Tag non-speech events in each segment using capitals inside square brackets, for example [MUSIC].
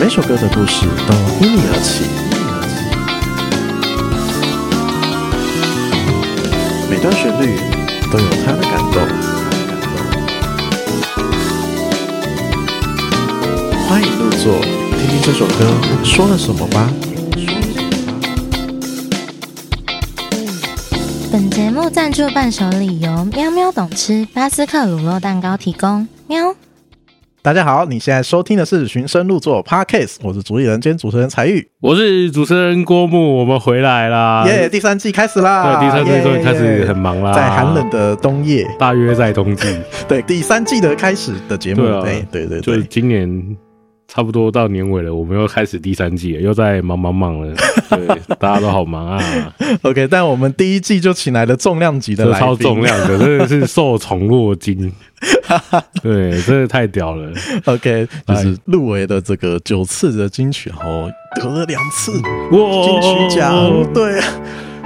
每首歌的故事都因你而起因你而起，每段旋律都有它的感動。歡迎入座，聽聽這首歌說了什麼吧。本節目贊助伴手禮由喵喵懂吃巴斯克乳酪蛋糕提供，喵。大家好，你現在收聽的是《循聲入座》Podcast，我是主理人，兼主持人采郁，我是主持人郭木，我們回來啦，耶、yeah！第三季開始啦，對，第三季終於開始，很忙啦，yeah, yeah. 在寒冷的冬夜，大約在冬季， [LAUGHS] 對，第三季的開始的節目對、啊欸，對對對，所以今年。差不多到年尾了，我們又開始第三季了，又在忙忙忙了。對， [LAUGHS] 大家都好忙啊。OK，但我們第一季就請來了重量級的來賓，這個、超重量的，真的是受寵若驚。 [LAUGHS] 對，真的太屌了。OK，就是入圍的這個九次的金曲，然後得了兩次金曲獎、哦哦哦哦哦哦哦哦，對，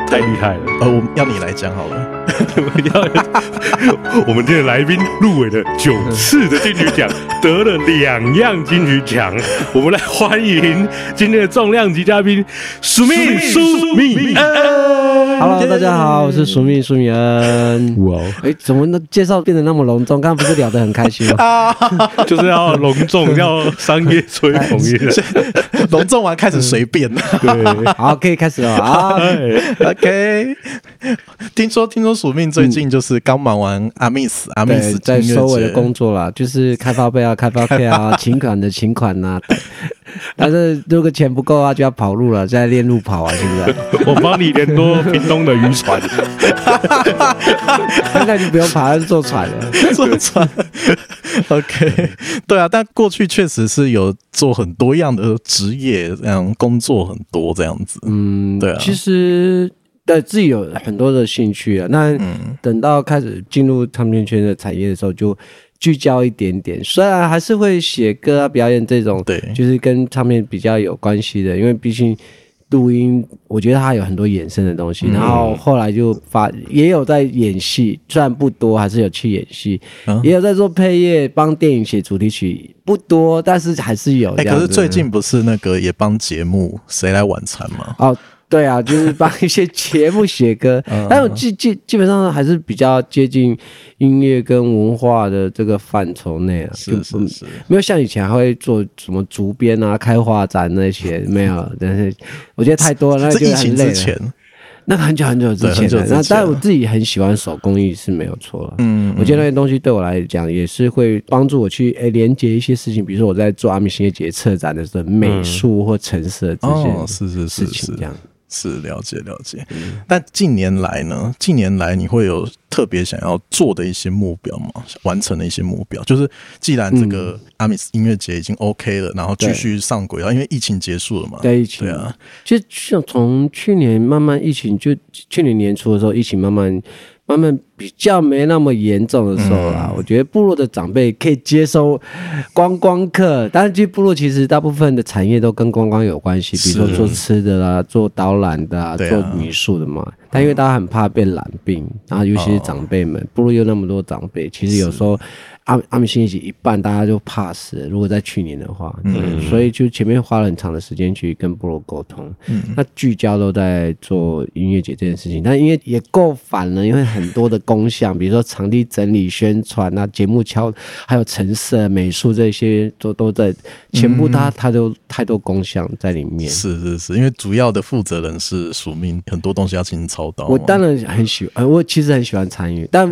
太厲害了。呃，我要你來講好了。 [LAUGHS] 我們要，我們今天來賓入圍了九次的金曲獎，得了兩樣金曲獎。我們來歡迎今天的重量級嘉賓舒米舒米恩。Hello，大家好，我是舒米舒米恩。哇，哎、欸，怎麼那介紹變得那麼隆重？剛剛不是聊得很開心嗎、哦？ [LAUGHS] 啊、就是要隆重， [LAUGHS] 要商業吹捧一下。隆重完開始隨便。嗯、 [LAUGHS] 對，好，可以開始了啊 okay。OK，聽說聽說。聽說我命最近就是剛忙完阿米斯阿、嗯、米斯在收尾的工作啦，就是開發票、啊、啊開發票啊，請 [LAUGHS] 款的請款吶、啊。但是如果錢不夠啊，就要跑路了、啊，再練路跑啊，是不是、啊？我幫你連多屏東的漁船、 [LAUGHS] [LAUGHS] 啊，現在就不用爬坐船了，坐船。 [LAUGHS] OK，對啊，但過去確實是有做很多樣的職業，這樣工作很多這樣子。嗯，對啊，嗯、其實。對自己有很多的興趣啊。那等到開始進入唱片圈的產業的時候，就聚焦一點點。雖然還是會寫歌、表演這種，對，就是跟唱片比較有關係的。因為畢竟錄音，我覺得它有很多衍生的東西、嗯。然後後來就發，也有在演戲，雖然不多，還是有去演戲，嗯、也有在做配樂，幫電影寫主題曲，不多，但是還是有。哎、欸，可是最近不是那個也幫節目《誰來晚餐》嗎？哦。對啊，就是幫一些節目寫歌， [LAUGHS] 但我基基基本上還是比較接近音樂跟文化的這個範疇內啊，是是是，沒有像以前還會做什麼竹編啊、開畫展那些沒有，但是我覺得太多了，是，那就會很累。疫情之前，那個很久很久之前，久之前，那個、但我自己很喜歡手工藝是沒有錯，嗯，我覺得那些東西對我來講也是會幫助我去、欸、連接一些事情，比如說我在做阿米斯音樂節策展的時候，嗯、美術或城市這些事這哦，是是是事情這樣。是了解了解，但近年來呢？近年來你會有特別想要做的一些目標嗎？完成的一些目標，就是既然這個阿米斯音樂節已經 OK 了，嗯，然後繼續上軌道。因為疫情結束了嘛，對疫情對啊,其實像從去年慢慢疫情，就去年年初的時候疫情慢慢。慢慢比較沒那麼嚴重的時候啊、嗯，我覺得部落的長輩可以接收觀光客。嗯、但是，部落其實大部分的產業都跟觀光、光有關係，比如說做吃的啦、啊、做導覽的、啊啊、做民宿的嘛。但因為大家很怕被染病啊，嗯、尤其是長輩們、嗯，部落有那麼多長輩、嗯，其實有時候。阿阿米斯一半，大家就 pass。如果在去年的話，嗯，嗯，所以就前面花了很長的時間去跟部落溝通，嗯，嗯，那聚焦都在做音樂節這件事情，但音樂也夠煩了，因為很多的工項，比如說場地整理宣、宣傳啊、節目敲，還有陳設、美術這些，都都在全部他他都太多工項在裡面。嗯、是是是，因為主要的負責人是舒米恩，很多東西要進行操刀。我當然很喜歡，呃、我其實很喜歡參與，但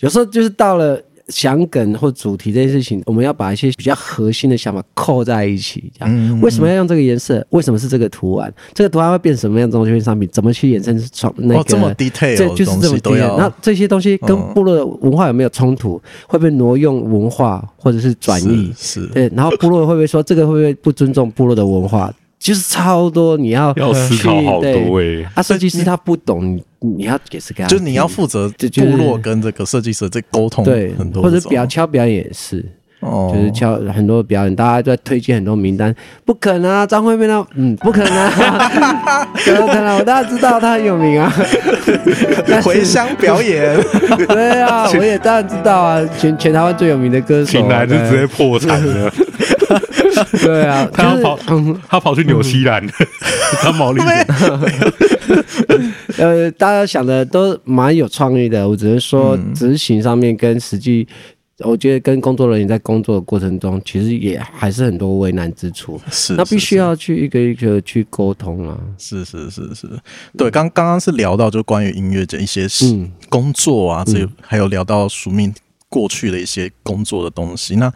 有時候就是到了。想梗或主題這件事情，我們要把一些比較核心的想法扣在一起這樣。嗯嗯嗯，為什麼要用這個顏色？為什麼是這個圖案？這個圖案會變什麼樣的東西？周邊商品怎麼去衍生？創那個、哦、這麼 detail，對，就是這麼 detail。那這些東西跟部落的文化有沒有衝突？嗯、會不會挪用文化，或者是轉移？是，對。然後部落會不會說這個會不會不尊重部落的文化？就是超多，你要 key, 要思考好多位、欸、啊，設計師他不懂，你要解釋給他。就是你要負責部落跟這個設計師在溝通就、就是對很多，對，或者表敲表演也是，就是敲很多表演，哦、大家都在推薦很多名單，不可能，啊，張惠妹呢，嗯，不可能，不可能，我當然知道他很有名啊。 [LAUGHS] [LAUGHS] 回鄉鄉表演， [LAUGHS] 表演 [LAUGHS] 對啊，我也當然知道啊，全全台灣最有名的歌手，請來就直接破產了。 [LAUGHS] [LAUGHS] 對啊，他要跑，嗯、他要跑去紐西蘭、嗯，他毛利。 [LAUGHS] 沒有笑呃，大家想的都蠻有創意的，我只是說執行上面跟實際，嗯、我覺得跟工作人員在工作的過程中，其實也還是很多為難之處。是，是，那必須要去一個一個去溝通啊。是是是是，對，剛剛剛是聊到就關於音樂的一些事，工作啊，這、嗯、還有聊到舒米恩過去的一些工作的東西，那。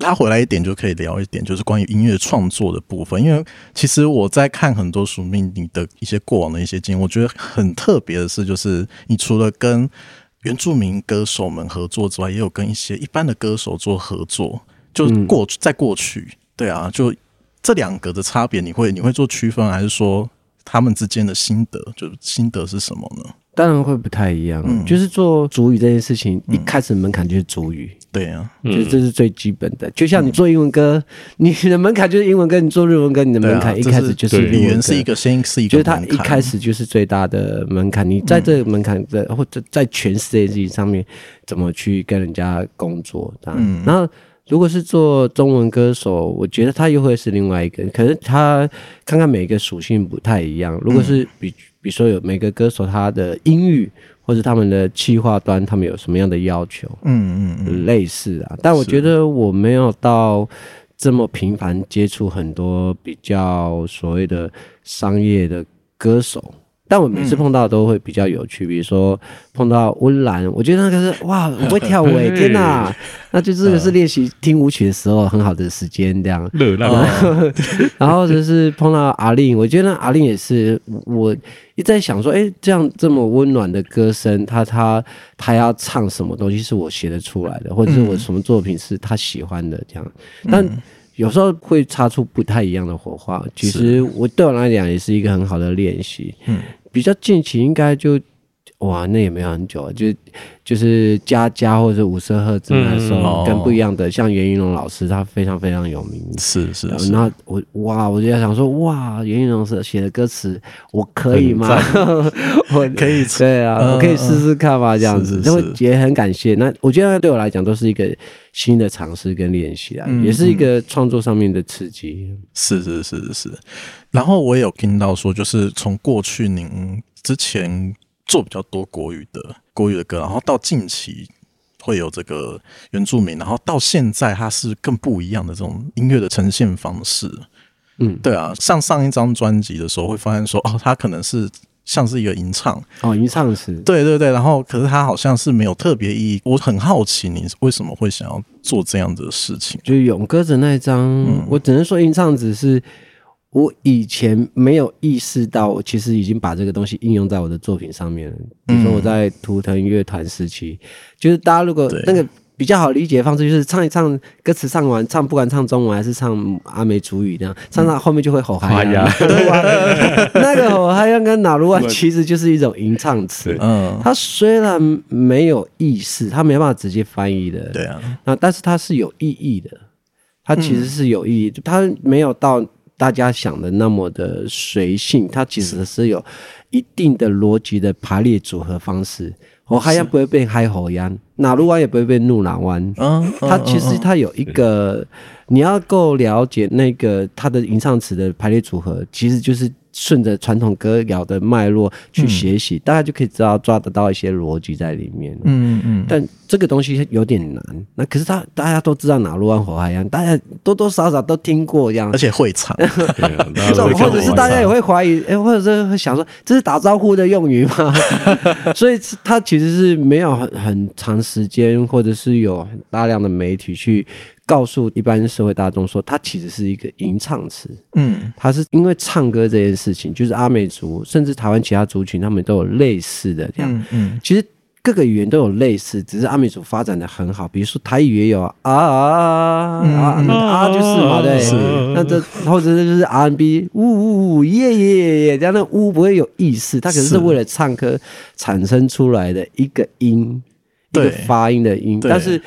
拉回來一點就可以聊一點，就是關於音樂創作的部分。因為其實我在看很多屬於你的一些過往的一些經驗，我覺得很特別的是，就是你除了跟原住民歌手們合作之外，也有跟一些一般的歌手做合作。就過、嗯、在過去，對啊，就這兩個的差別，你會你會做區分，還是說他們之間的心得，就心得是什麼呢？當然會不太一樣、嗯，就是做族語這件事情，嗯、一開始門檻就是族語。對啊，就是、這是最基本的、嗯。就像你做英文歌，嗯、你的門檻就是英文歌；你做日文歌，你的門檻一開始就是、啊是就是、語言是一個，是一個。就是他一開始就是最大的門檻、嗯。你在這個門檻的或者在全世界上面怎麼去跟人家工作？嗯。然後，如果是做中文歌手，我覺得他又會是另外一個。可是他看看每一個屬性不太一樣。如果是比。嗯比如說，有每個歌手他的音域，或者他們的企劃端，他們有什麼樣的要求？嗯嗯，嗯，類似啊。但我覺得我沒有到這麼頻繁接觸很多比較所謂的商業的歌手。但我每次碰到都會比較有趣，嗯、比如說碰到溫嵐，我覺得那個是哇，我會跳舞、欸、誒。 [LAUGHS] 天哪！那就這個是練習聽舞曲的時候很好的時間，這樣。 [LAUGHS] 嗯、熱 [LAUGHS] 然後，或者是碰到阿令，我覺得阿令也是，我一在想說，誒、欸，這樣這麼溫暖的歌聲，他他他要唱什麼東西是我寫得出來的，或者是我什麼作品是他喜歡的這樣。嗯、但有時候會擦出不太一樣的火花，嗯、其實我對我來講也是一個很好的練習。嗯。嗯比較近期應該就。哇，那也沒有很久就，就是就是佳佳或者五色赫茲時候跟不一樣的，哦、像袁雲龍老師，他非常非常有名，是是是。我哇，我就在想說，哇，袁雲龍是寫的歌詞，我可以嗎？ [LAUGHS] 我可以，對啊，嗯、我可以試試看吧，這樣子。然後也很感謝，那我覺得對我來講都是一個新的嘗試跟練習啊，也是一個創作上面的刺激。是是是是是。然後我也有聽到說，就是從過去您之前。做比較多國語的國語的歌，然後到近期會有這個原住民，然後到現在它是更不一樣的這種音樂的呈現方式，嗯，對啊，像上一張專輯的時候會發現說，哦，它可能是像是一個吟唱，哦，吟唱詞，對對對，然後可是它好像是沒有特別意義，我很好奇你為什麼會想要做這樣的事情？就勇哥的那一張，嗯、我只能說吟唱只是。我以前沒有意識到，我其實已經把這個東西應用在我的作品上面了。比如說我在圖騰樂團時期，就是大家如果那個比較好理解的方式，就是唱一唱，歌詞唱完，唱不管唱中文還是唱阿美族語那樣，唱到後面就會吼嗨呀，對對對對對對 [LAUGHS] 那個吼嗨跟那魯灣，其實就是一種吟唱詞。嗯，它雖然沒有意思，它沒辦法直接翻譯的，對啊。那但是它是有意義的，它其實是有意義，它沒有到。大家想的那麼的隨性，它其實是有一定的邏輯的排列組合方式。我還要不會被海吼岩，哪路彎也不會被怒浪彎，嗯。嗯，它其實它有一個，你要夠了解那個它的吟唱詞的排列組合，其實就是。順着傳統歌謠的脈絡去學習，嗯，大家就可以知道抓得到一些邏輯在裡面。嗯嗯，但這個東西有點難。那可是他大家都知道“哪路萬火海”一樣，大家多多少少都聽過一樣，而且會唱、， [LAUGHS] 啊、唱。或者是大家也會懷疑、欸，或者是會想說這是打招呼的用語嗎？ [LAUGHS] 所以它其實是沒有很很長時間，或者是有大量的媒體去。告訴一般社會大眾說，它其實是一個吟唱詞。嗯，它是因為唱歌這件事情，就是阿美族，甚至台灣其他族群，他們都有類似的這樣。嗯，嗯，其實各個語言都有類似，只是阿美族發展得很好。比如說台語也有啊、嗯、啊啊，啊，啊，就是嘛，對。啊、那這或者這就是 R&B，嗚嗚嗚，耶耶耶，這樣的嗚不會有意思，它可能是為了唱歌產生出來的一個音，一個發音的音，但是。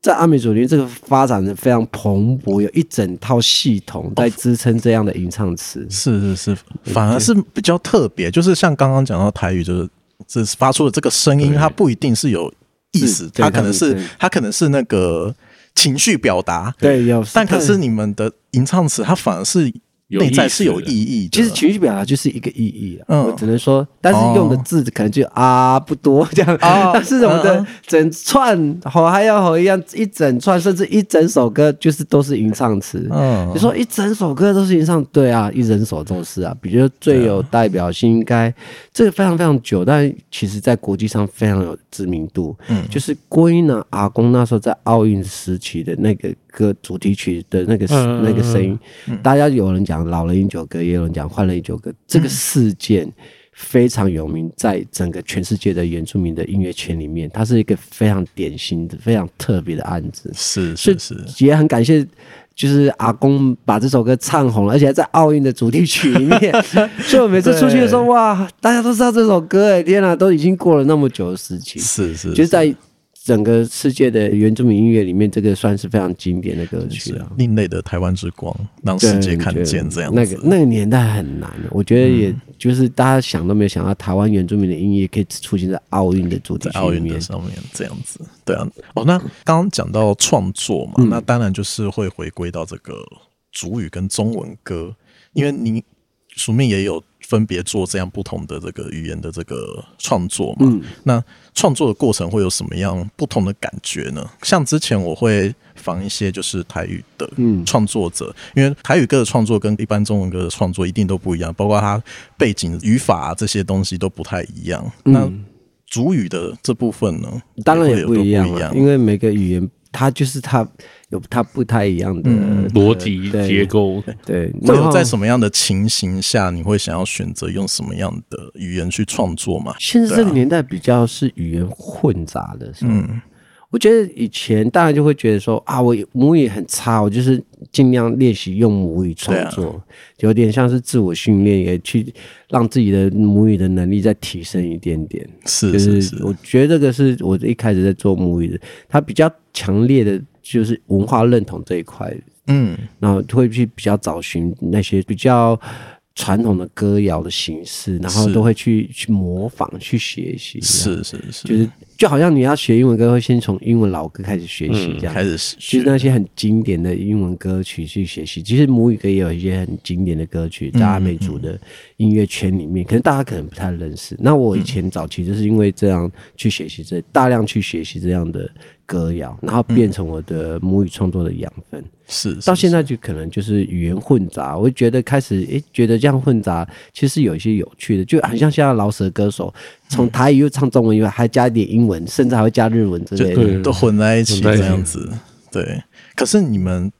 在阿美主義這個發展的非常蓬勃，有一整套系統在支撐這樣的吟唱詞。哦。是是是，反而是比較特別。就是像剛剛講到台語，就是這發出的這個聲音，它不一定是有意思，它可能是它可能是那個情緒表達。對，有。但可是你們的吟唱詞，它反而是。內在是有意義，其實情緒表達就是一個意義、啊嗯、我只能說，但是用的字可能就、哦、啊不多這樣，哦、但是我們的整串吼還要吼一樣、嗯，一整串甚至一整首歌就是都是吟唱詞。你、嗯、說一整首歌都是吟唱，對啊，一整首都是啊。比如說最有代表性應，應、嗯、該這個非常非常久，但其實，在國際上非常有知名度。嗯，就是郭英男阿公那時候在奧運時期的那個歌主題曲的那個、嗯、那個聲音、嗯，大家有人講。嗯嗯老人飲酒歌，也有人講歡樂飲酒歌，這個事件非常有名，在整個全世界的原住民的音樂圈裡面，它是一個非常典型的、非常特別的案子。是是是，也很感謝，就是阿公把這首歌唱紅了，而且還在奧運的主題曲裡面， [LAUGHS] 就每次出去的時候，哇，大家都知道這首歌哎、欸，天哪，都已經過了那麼久的事情，是是，是，就在。整個世界的原住民音樂裡面，這個算是非常經典的歌曲啊。是啊，另類的台灣之光，讓世界看見這樣子。那個那個年代很難，我覺得也就是大家想都沒有想到，台灣原住民的音樂可以出現在奧運的主題奧運的上面這樣子。對啊，哦，那剛剛講到創作嘛、嗯，那當然就是會回歸到這個族語跟中文歌，因為你舒米恩也有分別做這樣不同的這個語言的這個創作嘛。嗯、那。創作的過程會有什麼樣不同的感覺呢？像之前我會訪一些就是台語的創作者、嗯，因為台語歌的創作跟一般中文歌的創作一定都不一樣，包括它背景、語法、啊、這些東西都不太一樣、嗯。那主語的這部分呢，當然也不一樣，不一樣，因為每個語言它就是它。有它不，不太一樣的邏輯、嗯、結構，對。那有在什麼樣的情形下，你會想要選擇用什麼樣的語言去創作嘛？現在這個年代比較是語言混雜的是，嗯，我覺得以前大家就會覺得說啊，我母語很差，我就是盡量練習用母語創作、啊，有點像是自我訓練，也去讓自己的母語的能力再提升一點點。是是是，是我覺得這個是我一開始在做母語的，它比較強烈的。就是文化認同這一塊，嗯，然後會去比較找尋那些比較傳統的歌謠的形式，然後都會去去模仿、去學習，是是是，是，就是。就好像你要學英文歌，會先從英文老歌開始學習，這樣、嗯、開始學，那些很經典的英文歌曲去學習。其實母語歌也有一些很經典的歌曲，在阿美族的音樂圈裡面，嗯嗯、可能大家可能不太認識、嗯。那我以前早期就是因為這樣去學習，這大量去學習這樣的歌謠，然後變成我的母語創作的養分。是、嗯、到現在就可能就是語言混雜，我就覺得開始誒、欸，覺得這樣混雜其實有一些有趣的，就很像現在饒舌歌手。從台語又唱中文，又還加一點英文，嗯、甚至還會加日文之類的，對對對都混在一起這樣子。對，可是你們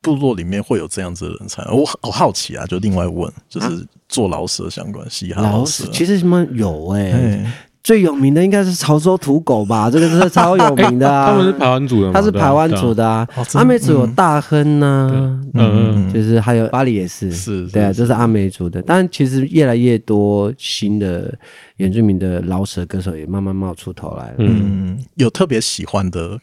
部落裡面會有這樣子的人才？我好好奇啊，就另外問，就是做老師的相關係、啊，老師其實什麼有哎、欸。最有名的應該是潮州土狗吧，這個是超有名的、啊 [LAUGHS] 欸、他們是排灣族的嗎？他是排灣族的啊，啊，啊。阿美族有大亨吶、啊嗯嗯嗯嗯，嗯，就是還有巴黎也是，是，對啊，這是，是、就是阿美族的。但其實越來越多新的原住民的饒舌歌手也慢慢冒出頭來了。嗯，有特別喜歡的、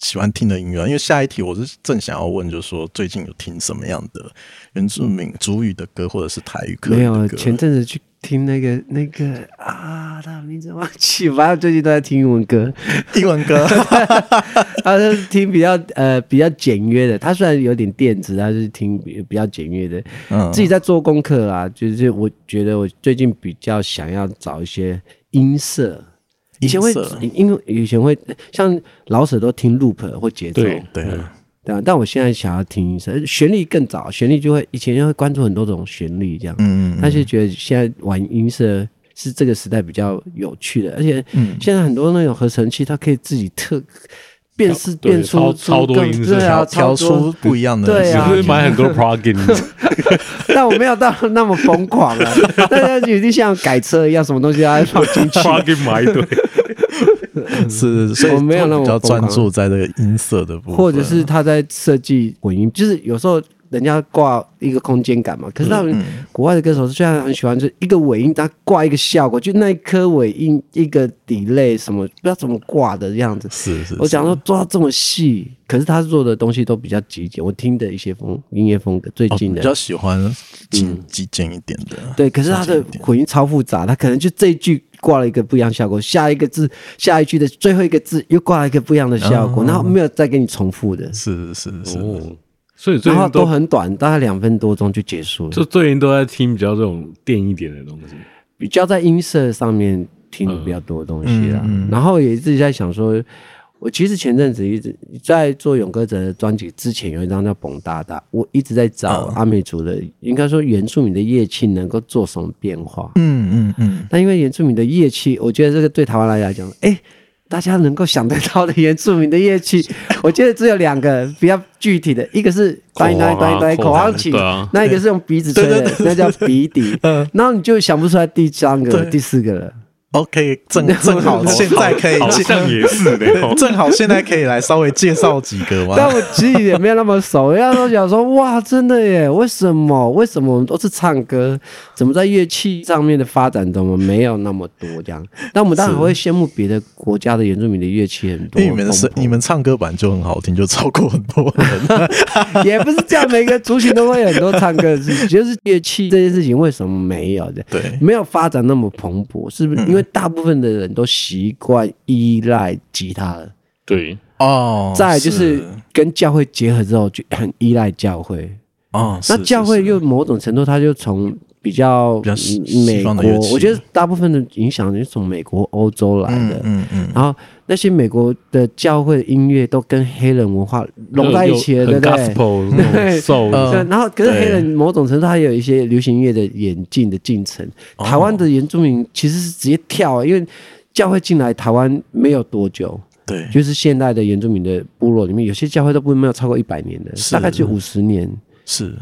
喜歡聽的音樂，因為下一題我是正想要問，就是說最近有聽什麼樣的原住民族語的歌、嗯、或者是台語歌、歌、嗯。沒有，前陣子去。聽那個那個啊，他的名字忘記。反正最近都在聽英文歌，英文歌， [LAUGHS] 他就是聽比較呃比較簡約的。他雖然有點電子，但是聽比較簡約的。嗯，自己在做功課啊，就是我覺得我最近比較想要找一些音色。音色。以前會因為以前會像老舍都聽 loop 或節奏。對。對對，但我現在想要聽音色，旋律更早，旋律就會以前就會關注很多種旋律這樣，嗯他、嗯、就覺得現在玩音色是這個時代比較有趣的，而且現在很多那種合成器，它可以自己特變是變出超，超多音色，對啊，調出、嗯嗯、不一樣的、嗯，對啊，是是買很多 plugin 但我沒有到那麼瘋狂啊，大家一定像改車一樣，什麼東西要放進去，plugin 買一堆。 [LAUGHS] 是，所以比較專注在那個音色的部分，或者是他在設計混音，就是有時候人家掛一個空間感嘛。可是他們國外的歌手是，雖然很喜歡，就是一個尾音，他掛一個效果，就那一顆尾音，一個 delay 什麼，不知道怎麼掛的樣子。是是,是，我想說做到這麼細，可是他做的東西都比較極簡。我聽的一些風音樂風格，最近的、哦、比較喜歡，嗯，極簡一點的、嗯。對，可是他的混音超複雜，他可能就這一句。掛了一個不一樣的效果，下一個字，下一句的最後一個字又掛了一個不一樣的效果、哦，然後沒有再給你重複的，是是是是、哦所以最，然後都很短，大概兩分多鐘就結束了。就最近都在聽比較這種電一點的東西，比較在音色上面聽的比較多的東西啊。嗯、然後也自己在想說。我其實前陣子一直在做勇哥哲的專輯，之前有一張叫《蹦噠噠》，我一直在找阿美族的，應該說原住民的樂器能夠做什麼變化。嗯嗯嗯。那、嗯、因為原住民的樂器，我覺得這個對台灣來講，哎、欸，大家能夠想得到的原住民的樂器，我覺得只有兩個比較具體的，一個是口簧琴，那一個是用鼻子吹的，那叫鼻笛。然後你就想不出來第三個、第四個了。OK，正正好現在可以介紹，也是的，正好現在可以來稍微介紹幾個嗎？ [LAUGHS] 但我其實也沒有那麼熟。因為我想說，哇，真的耶？為什麼？為什麼我們都是唱歌？怎麼在樂器上面的發展，怎麼沒有那麼多這樣？那我們當然會羨慕別的國家的原住民的樂器很多。因為你們是凡凡你們唱歌版就很好聽，就超過很多人。 [LAUGHS] 也不是這樣，每個族群都會有很多唱歌， [LAUGHS] 是就是樂器這件事情為什麼沒有的？對，沒有發展那麼蓬勃，是不是、嗯、因為？大部分的人都習慣依賴吉他了，對哦。再就是跟教會結合之後，就很依賴教會啊、哦。那教會又某種程度，他就從。比較美國，比較西方的，我覺得大部分的影響是從美國、歐洲來的。嗯嗯，嗯，然後那些美國的教會音樂都跟黑人文化融在一起了 gospel，對、嗯，對不、嗯、對？Gospel、嗯、然後可是黑人某種程度還有一些流行音樂的演進的進程。嗯、台灣的原住民其實是直接跳、欸哦，因為教會進來台灣沒有多久。對。就是現代的原住民的部落裡面，有些教會都不會沒有超過一百年的，大概就五十年。是。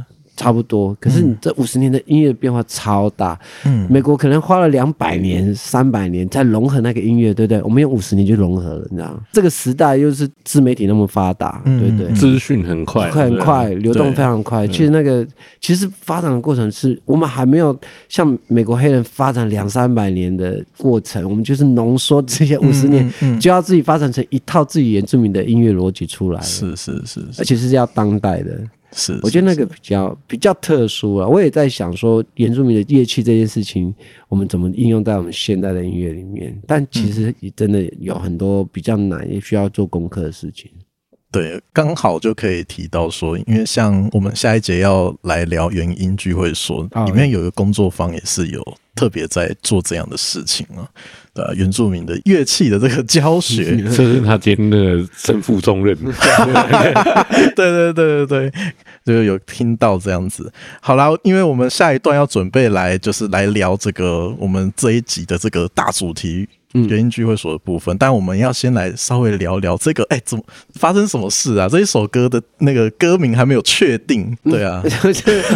差不多，可是你這五十年的音樂變化超大。嗯，美國可能花了兩百年、三百年在融合那個音樂，對不對？我們用五十年去融合了，你知道嗎？這個時代又是自媒體那麼發達，嗯，對對，對，資訊很快，快很快，流動非常快。其實那個其實發展的過程是，我們還沒有像美國黑人發展兩三百年的過程，我們就是濃縮這些五十年，嗯嗯，就要自己發展成一套自己原住民的音樂邏輯出來。是，是是是，而且是要當代的。是，是，是，我覺得那個比較比較特殊啊。我也在想說，原住民的樂器這件事情，我們怎麼應用在我們現代的音樂裡面？但其實也真的有很多比較難，也需要做功課的事情。對，剛好就可以提到說，因為像我們下一節要來聊原音聚會所，說裡面有一個工作坊也是有特別在做這樣的事情啊。呃，原住民的樂器的這個教學，這是他今天的身負重任。 [LAUGHS] [LAUGHS] 對對對對對，就有聽到這樣子。好啦，因為我們下一段要準備來，就是來聊這個我們這一集的這個大主題原音聚會所的部分，嗯，但我們要先來稍微聊聊這個，哎、欸，怎麼發生什麼事啊？這一首歌的那個歌名還沒有確定，對啊、嗯，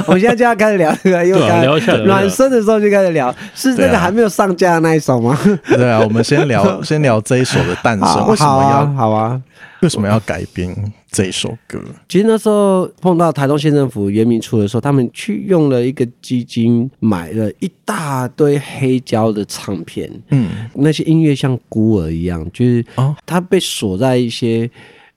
我們現在就要開始聊這個，因為剛剛暖身的時候就開始聊，是那個還沒有上架的那一首嗎？對啊，對啊，我們先聊，先聊這一首的誕生， [LAUGHS] 好，為什麼？好啊，好啊。為什麼要改編這首歌？其實那時候碰到台東縣政府原民處的時候，他們去用了一個基金買了一大堆黑膠的唱片。嗯，那些音樂像孤兒一樣，就是它被鎖在一些、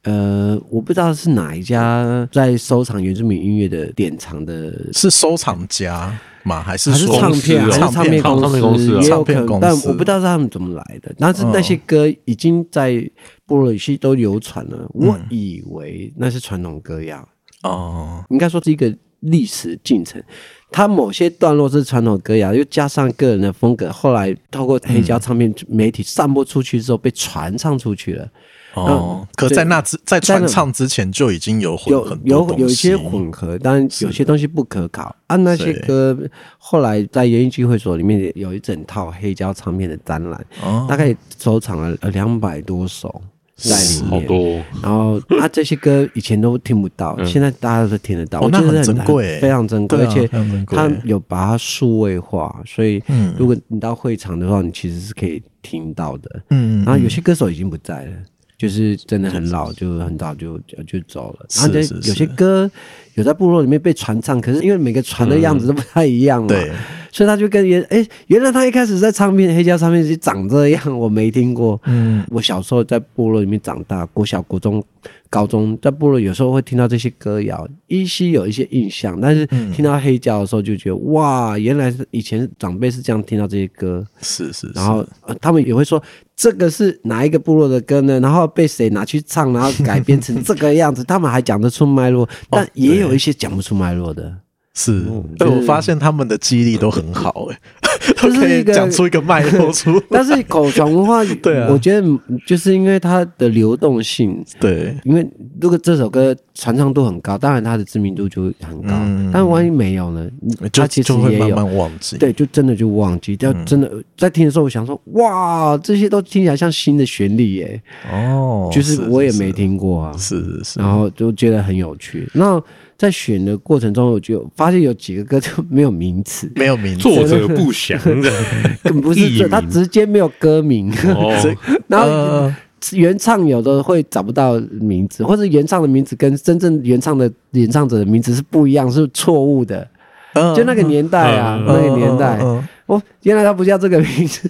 哦、呃，我不知道是哪一家在收藏原住民音樂的典藏的，是收藏家嗎？還是收還是唱片還是唱片公司，唱片唱片公司？唱片公司。但我不知道是他們怎麼來的，但是那些歌已經在。哦布魯西都流傳了，我以為那是傳統歌謠哦、嗯，應該說是一個歷史進程。它某些段落是傳統歌謠，又加上個人的風格。後來透過黑膠唱片媒體散播出去之後，被傳唱出去了。哦、嗯嗯，可在，在那之在傳唱之前就已經有混有有有一些混合，但有些東西不可考。啊，那些歌後來在原音聚會所裡面有一整套黑膠唱片的展覽，哦，大概收藏了兩百多首。在裡面，好多然後他、啊、這些歌以前都聽不到，嗯、現在大家都聽得到。哦、我覺得很，很珍貴、欸，非常珍貴、啊，而且他有把它數位化、啊欸，所以如果你到會場的話、嗯，你其實是可以聽到的。嗯，然後有些歌手已經不在了，嗯、就是真的很老，是是是就很早就就走了。是是有些歌有在部落裡面被傳唱，是是是可是因為每個傳的樣子都不太一樣嘛。嗯、對。所以他就跟原哎、欸，原來他一開始在唱片黑膠唱片機長這樣，我沒聽過。嗯，我小時候在部落裡面長大，國小、國中、高中在部落，有時候會聽到這些歌謠，依稀有一些印象。但是聽到黑膠的時候，就覺得、嗯、哇，原來是以前長輩是這樣聽到這些歌。是是、是。然後他們也會說，這個是哪一個部落的歌呢？然後被誰拿去唱，然後改編成這個樣子， [LAUGHS] 他們還講得出脈絡、哦，但也有一些講不出脈絡的。是，但、嗯就是、我發現他們的記憶力都很好誒、欸，是一個都可以講出一個脈絡出來。 [LAUGHS] 但是口傳文化，對啊，我覺得就是因為它的流動性。對，因為如果這首歌傳唱度很高，當然它的知名度就會很高、嗯。但萬一沒有呢？嗯、它其實也有就就會慢慢忘記。對，就真的就忘記。但真的、嗯、在聽的時候，我想說，哇，這些都聽起來像新的旋律耶、欸！哦，就是我也沒聽過啊，是是、是，然是、是、是。然後就覺得很有趣。那。在選的過程中，我就發現有幾個歌就沒有名字，沒有名字，作者不詳的， [LAUGHS] 不是這他直接沒有歌名。然後原唱有的會找不到名字，或者原唱的名字跟真正原唱的演唱者的名字是不一樣，是錯誤的。就那個年代啊， [LAUGHS] 那個年代，哦，原來他不叫這個名字，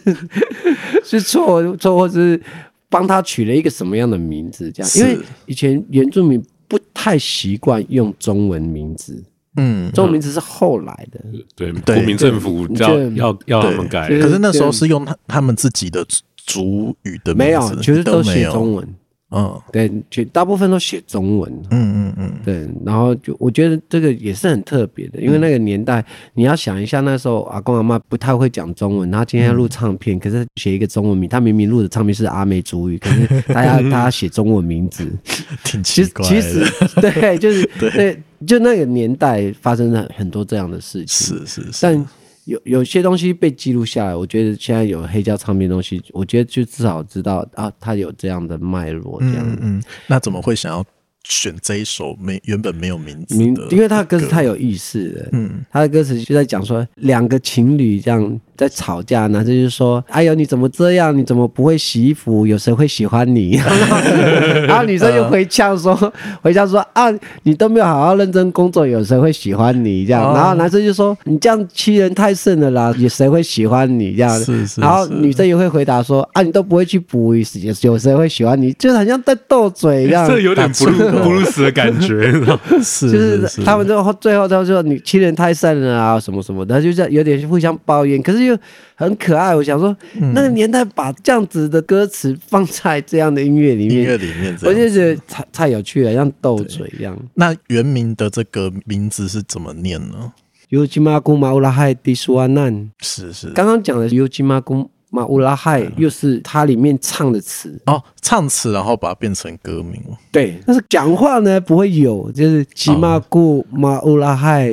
是錯錯或是幫他取了一個什麼樣的名字這樣？因為以前原住民。不太習慣用中文名字，嗯，中文名字是後來的，對，對，國民政府要要要他們改，可是那時候是用他他們自己的族語的名字，沒有，就是都寫中文。嗯、哦，對，就大部分都寫中文。嗯嗯嗯，對，然後就我覺得這個也是很特別的，因為那個年代，嗯、你要想一下，那時候阿公阿媽不太會講中文，然後今天要錄唱片，嗯、可是寫一個中文名，他明明錄的唱片是阿美族語，可是大家大家寫中文名字， [LAUGHS] 挺奇怪其實。其實對，就是對，對，就那個年代發生了很多這樣的事情。是是是但。有有些東西被記錄下來，我覺得現在有黑膠唱片東西，我覺得就至少知道啊，他有這樣的脈絡。這樣，嗯，嗯，那怎麼會想要選這一首沒原本沒有名字？因為他的歌詞太有意思了。嗯，他的歌詞就是在講說兩個情侶這樣，在吵架，男生就說：“哎呦，你怎麼這樣？你怎麼不會洗衣服？有誰會喜歡你？” [LAUGHS] [LAUGHS] 然後女生就回嗆說：“回嗆說啊，你都沒有好好認真工作，有誰會喜歡你？”這樣、哦，然後男生就說：“你這樣欺人太甚了啦，有誰會喜歡你？”這樣，是是是然後女生也會回答說：“啊，你都不會去補衣，有誰會喜歡你？”就是好像在鬥嘴一樣，這有點布魯布魯斯的感覺， [LAUGHS] 是、是、是，就是他們就最後最後他說：“你欺人太甚了啊，什麼什麼。”的，就這、是、樣有點互相抱怨，可是。就很可愛，我想說、嗯、那個年代把這樣子的歌詞放在這樣的音樂裡面，音樂裡面，我就覺得太太有趣了，像鬥嘴一樣。那原名的這個名字是怎麼念呢？尤吉瑪古瑪烏拉海迪蘇阿難，是是，剛剛講的尤吉瑪古瑪烏拉海，又是它裡面唱的詞哦，唱詞，然後把它變成歌名，對，但是講話呢，不會有，就是吉瑪古瑪烏拉海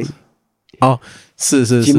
哦。呃呃呃是是是，就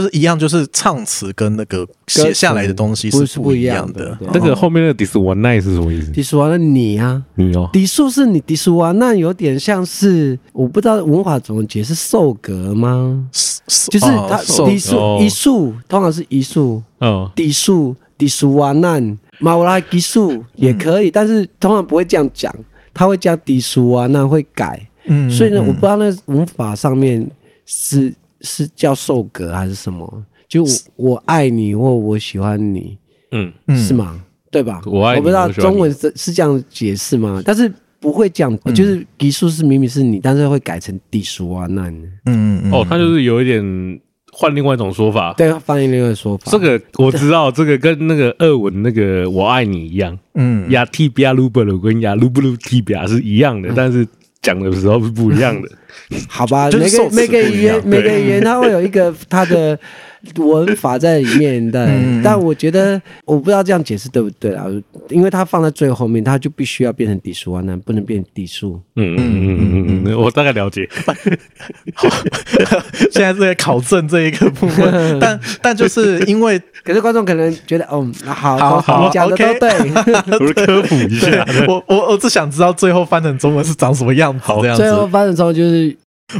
是一樣，就是唱詞跟那個寫下來的東西是不一樣的。哦嗯嗯嗯嗯嗯嗯嗯、那個後面那個迪斯瓦奈是什麼意思？迪斯瓦奈，你啊，你哦，迪數是你，迪斯瓦奈有點像是，我不知道文化總結是受格嗎？是是就是它迪數一數，通常是宜數、哦，嗯，迪數迪斯瓦奈，馬拉迪數也可以，但是通常不會這樣講，他會叫迪數啊，那會改。嗯,嗯，嗯、所以呢，我不知道那語法上面是是叫受格還是什麼？就我愛你或我喜歡你，嗯,嗯，是嗎？對吧？我愛你，我不知道中文是是這樣解釋嗎？但是不會講，就是基數、嗯嗯、是明明是你，但是會改成第數啊，那。嗯的嗯,嗯，嗯、哦，他就是有一點換另外一種說法，對，換另外一種說法。這個我知道，這個跟那個俄文那個我愛你一樣，嗯，亞提比亞盧布魯跟亞盧布魯提比亞是一樣的，但是。講的時候是不一樣的， [LAUGHS] 好吧？每個每個語言，每個語言它會有一個他的 [LAUGHS] 文法在裡面的，但、嗯、但我覺得我不知道這樣解釋對不對啊？因為它放在最後面，它就必須要變成底數啊，那不能變成底數。嗯嗯嗯嗯嗯，我大概了解。 [LAUGHS] 好，現在是在考證這一個部分。 [LAUGHS] 但但就是因為，可是觀眾可能覺得，哦，好，好，好，好好好，你講的都對，科普一下。我我我是想知道最後翻成中文是長什麼樣子，這樣子。好，最後翻成中文就是。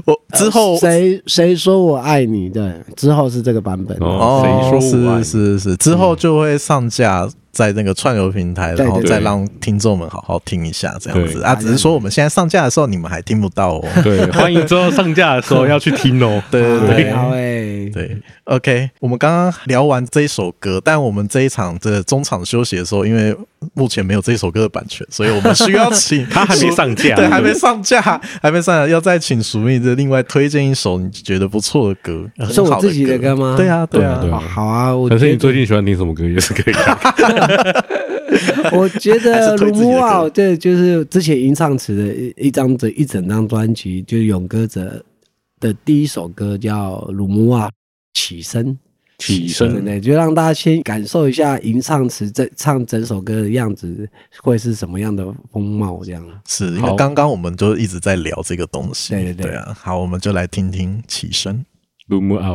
我之後誰誰、呃、說我愛你，對，之後是這個版本的，誰、哦、說我愛你的、哦？是是是，之後就會上架。嗯在那個串流平台，然後再讓聽眾們好好聽一下這樣子，對對對對啊，只是說我們現在上架的時候你們還聽不到哦對。 [LAUGHS] 對，歡迎之後上架的時候要去聽哦。 [LAUGHS] 對，對，好對。對，對，對，對，OK，我們剛剛聊完這一首歌，但我們這一場的中場休息的時候，因為目前沒有這一首歌的版權，所以我們需要請 [LAUGHS] 他還沒上架。對，對對對，還沒上架，還沒上架，要再請舒米恩的另外推薦一首你覺得不錯的、的歌，是我自己的歌嗎？對啊，對啊，對啊，好、好啊我覺得。可是你最近喜歡聽什麼歌也是可以。 [LAUGHS] [LAUGHS] 我覺得《魯木阿》就是之前吟唱詞的一一張一整張專輯，就是勇哥澤的第一首歌叫《魯木阿》，起身，起身、欸，就讓大家先感受一下吟唱詞在唱整首歌的樣子會是什麼樣的風貌，這樣。是，因為剛剛我們就一直在聊這個東西，對對對,對、啊、好，我們就來聽聽《起身魯木阿》。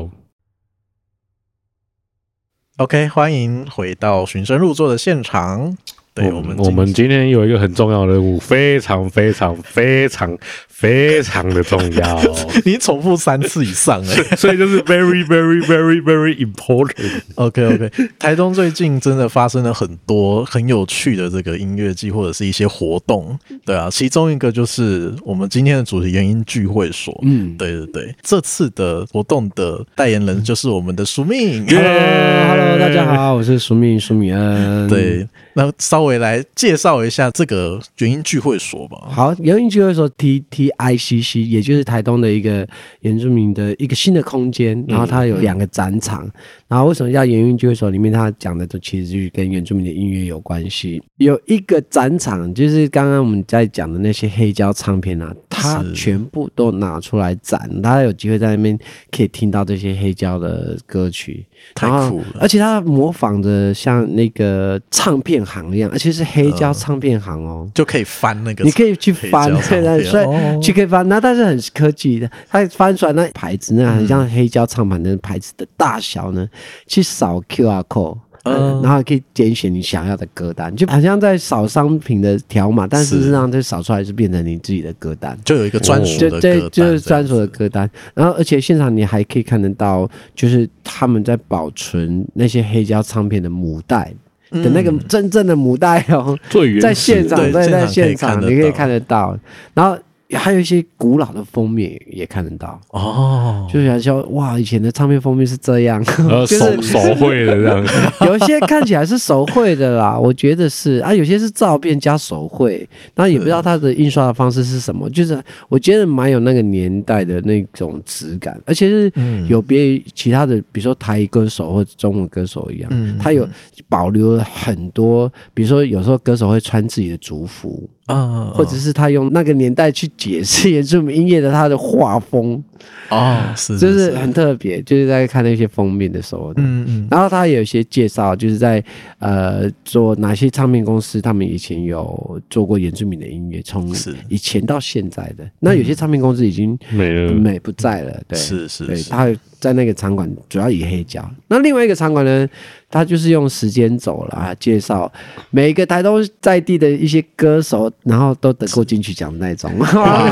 OK，歡迎回到循聲入座的現場。對，我們我們今天有一個很重要的任務，非常非常非常非常的重要。 [LAUGHS] 你重複三次以上，欸所以，所以就是 very very very very important。OK OK。台東最近真的發生了很多很有趣的這個音樂季或者是一些活動，對啊。其中一個就是我們今天的主題原音聚會所。嗯，對對對。這次的活動的代言人就是我們的舒米恩。嗯。Hello Hello，大家好，我是 Suming 舒米恩。對，那稍會來介紹一下這個原音聚會所吧。好，原音聚會所 TTICC，也就是台東的一個原住民的一個新的空間。然後它有兩個展場。嗯、然後為什麼叫原音聚會所？裡面他講的都其實就是跟原住民的音樂有關係。嗯、有一個展場就是剛剛我們在講的那些黑膠唱片啊，它全部都拿出來展。大家有機會在那邊可以聽到這些黑膠的歌曲。太酷了，而且它模仿着像那個唱片行一樣，而且是黑膠唱片行哦，就可以翻那個，你可以去翻，對啊，所以、哦、去可以翻。那但是很科技的，它翻出來那牌子呢，那很像黑膠唱片的牌子的大小呢，嗯、去掃 QR code。嗯、然後可以點選你想要的歌單，就好像在掃商品的條碼，但事實上這掃出來是變成你自己的歌單，就有一個專屬的歌單。嗯、就、對、就專屬的歌單，這樣子然後，而且現場你還可以看得到，就是他們在保存那些黑膠唱片的母帶、嗯、的那個真正的母帶哦、喔，在現場對，在現場，在現場，現場可以看得到，你可以看得到，嗯、然後。還有一些古老的封面也看得到哦，就想說哇，以前的唱片封面是這樣，手手繪的這樣子， [LAUGHS] 有一些看起來是手繪的啦， [LAUGHS] 我覺得是啊，有些是照片加手繪，那也不知道它的印刷的方式是什麼，是就是我覺得蠻有那個年代的那種質感，而且是有別於其他的、嗯，比如說台語歌手或者中文歌手一樣，它、嗯、有保留了很多，比如說有時候歌手會穿自己的族服啊、嗯，或者是他用那個年代去。解釋原住民音樂的他的畫風哦，是，是，是就是很特別，就是在看那些封面的時候的，嗯嗯，然後他有些介紹，就是在呃做哪些唱片公司，他們以前有做過原住民的音樂，從是以前到現在的，那有些唱片公司已經沒了沒不在了，嗯、對是是，是對，對他在那個場館主要以黑膠，那另外一個場館呢？他就是用時間走了啊，介紹每一個台東在地的一些歌手，然後都得過金曲獎那種。哈哈